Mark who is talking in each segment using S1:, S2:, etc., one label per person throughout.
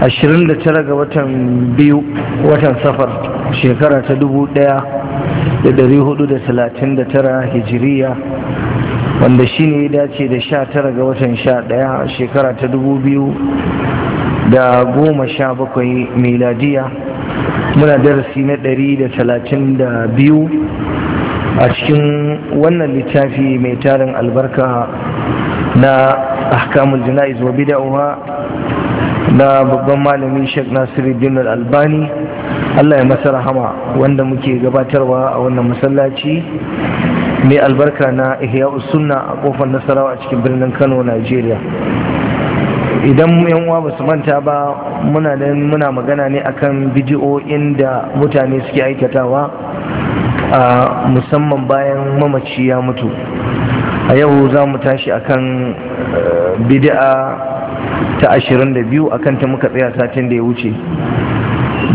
S1: 29 ga watan biyu watan safar shekara ta 1439 hijiriya wanda shi ne ya dace da 19 ga watan 11 shekara ta 2017 miladiya muna darasi na 132 a cikin wannan littafi mai tarin albarka na ahkamul jana'iz wa bida'uha na babban malami sheikh nasiruddin albani allah ya masa rahama wanda muke gabatarwa a wannan masallaci mai albarka na ihya sunna a kofar nasarawa a cikin birnin kano nigeria idan yan uwa ba su manta ba muna muna magana ne akan bidiyo inda mutane suke aikatawa a musamman bayan mamaci ya mutu a yau za mu tashi akan eh, bidi'a. ta 22 a kanta muka tsaya satin da ya wuce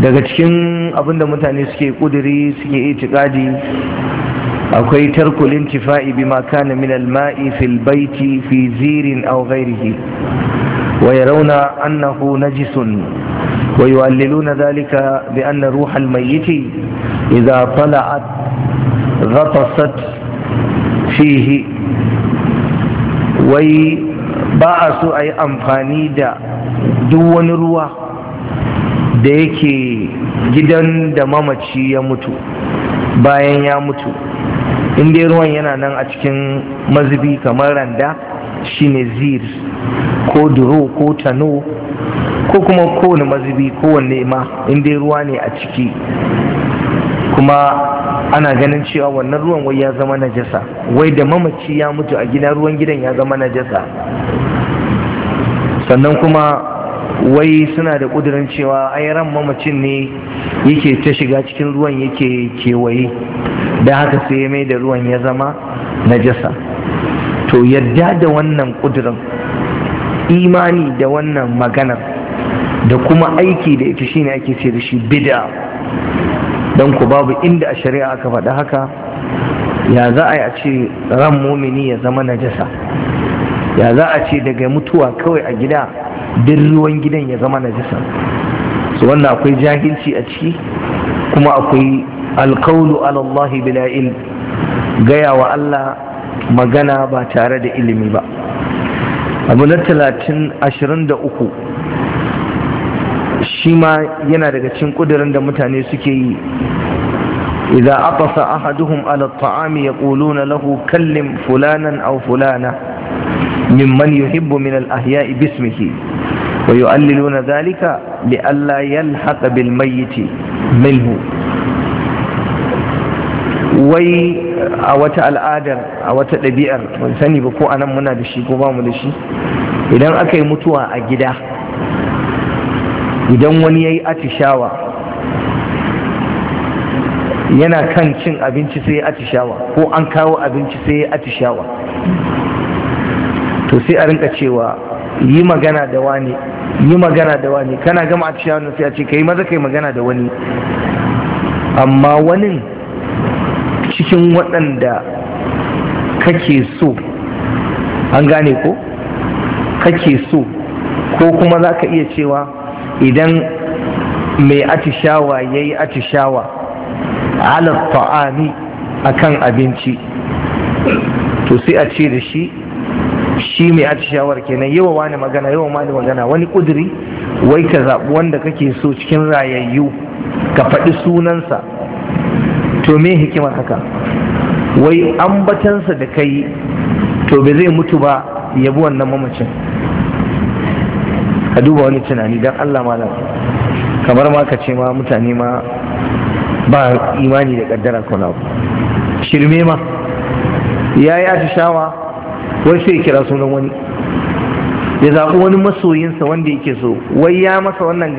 S1: daga cikin abinda mutane suke kuduri suke itikadi akwai tarkulin tifa'i bima kana min alma'i fil baiti fi zirin aw ghairihi wa yarawna annahu najisun wa yu'alliluna dhalika bi anna ruha almayyit idha tala'at ghatasat fihi wai ba a so a yi amfani da duk wani ruwa da yake gidan da mamaci ya mutu bayan ya mutu in dai ruwan yana nan a cikin mazubi kamar randa shi ne zir ko duro ko tano ko kuma kowane mazubi kowane ma in dai ruwa ne a ciki kuma ana ganin cewa wannan ruwan wai ya zama najasa wai da mamaci ya mutu a gida ruwan gidan ya zama najasa sannan kuma wai suna da ƙudurin cewa ai ran mamacin ne yake ta shiga cikin ruwan yake kewaye da haka sai ya mai da ruwan ya zama najasa to yadda da wannan ƙudurin imani da wannan maganar da kuma aiki da ita shine ake ce da shi bid'a don ku babu inda a shari'a aka faɗi haka ya za a yi a ce ran mumini ya zama najasa ya za a ce daga mutuwa kawai a gida duk ruwan gidan ya zama najasa su wannan akwai jahilci a ciki kuma akwai alkaulu alallahi bila gaya wa Allah magana ba tare da ilimi ba abu na talatin ashirin da uku shi ma yana daga cikin kudirin da mutane suke yi idan aqasa ahaduhum ala ta'ami yaquluna lahu kallim fulanan aw fulana mimman yuhibbu min al-ahya'i bismihi wa yu'alliluna dhalika bi alla yalhaqa bil mayyit minhu wai a wata al'adar a wata ɗabi'ar ban sani ba ko anan muna da shi ko ba mu da shi idan aka yi mutuwa a gida idan wani ya yi atishawa yana kan cin abinci sai ya atishawa ko an kawo abinci sai ya atishawa to sai a rinka cewa yi magana da wani yi magana da wani kana gama atishawa na sai a ce ka yi maza ka yi magana da wani amma wani cikin waɗanda kake so an gane ko kake so ko kuma za ka iya cewa idan mai atishawa ya yi atishawa ala ta'ami akan abinci to sai a ce da shi shi mai atishawar kenan yawa wani magana yawa wani magana wani kuduri wai ka zaɓi wanda kake so cikin rayayyu ka faɗi sunansa to me hikimar haka wai ambatansa da kai to ba zai mutu ba yabi wannan mamacin ka duba wani tunani don Allah malam kamar ma ka ce ma mutane ma ba imani da kaddara kuna shirme ma ya yi atishawa wai sai kira sunan wani ya zaɓi wani masoyinsa wanda yake so wai ya masa wannan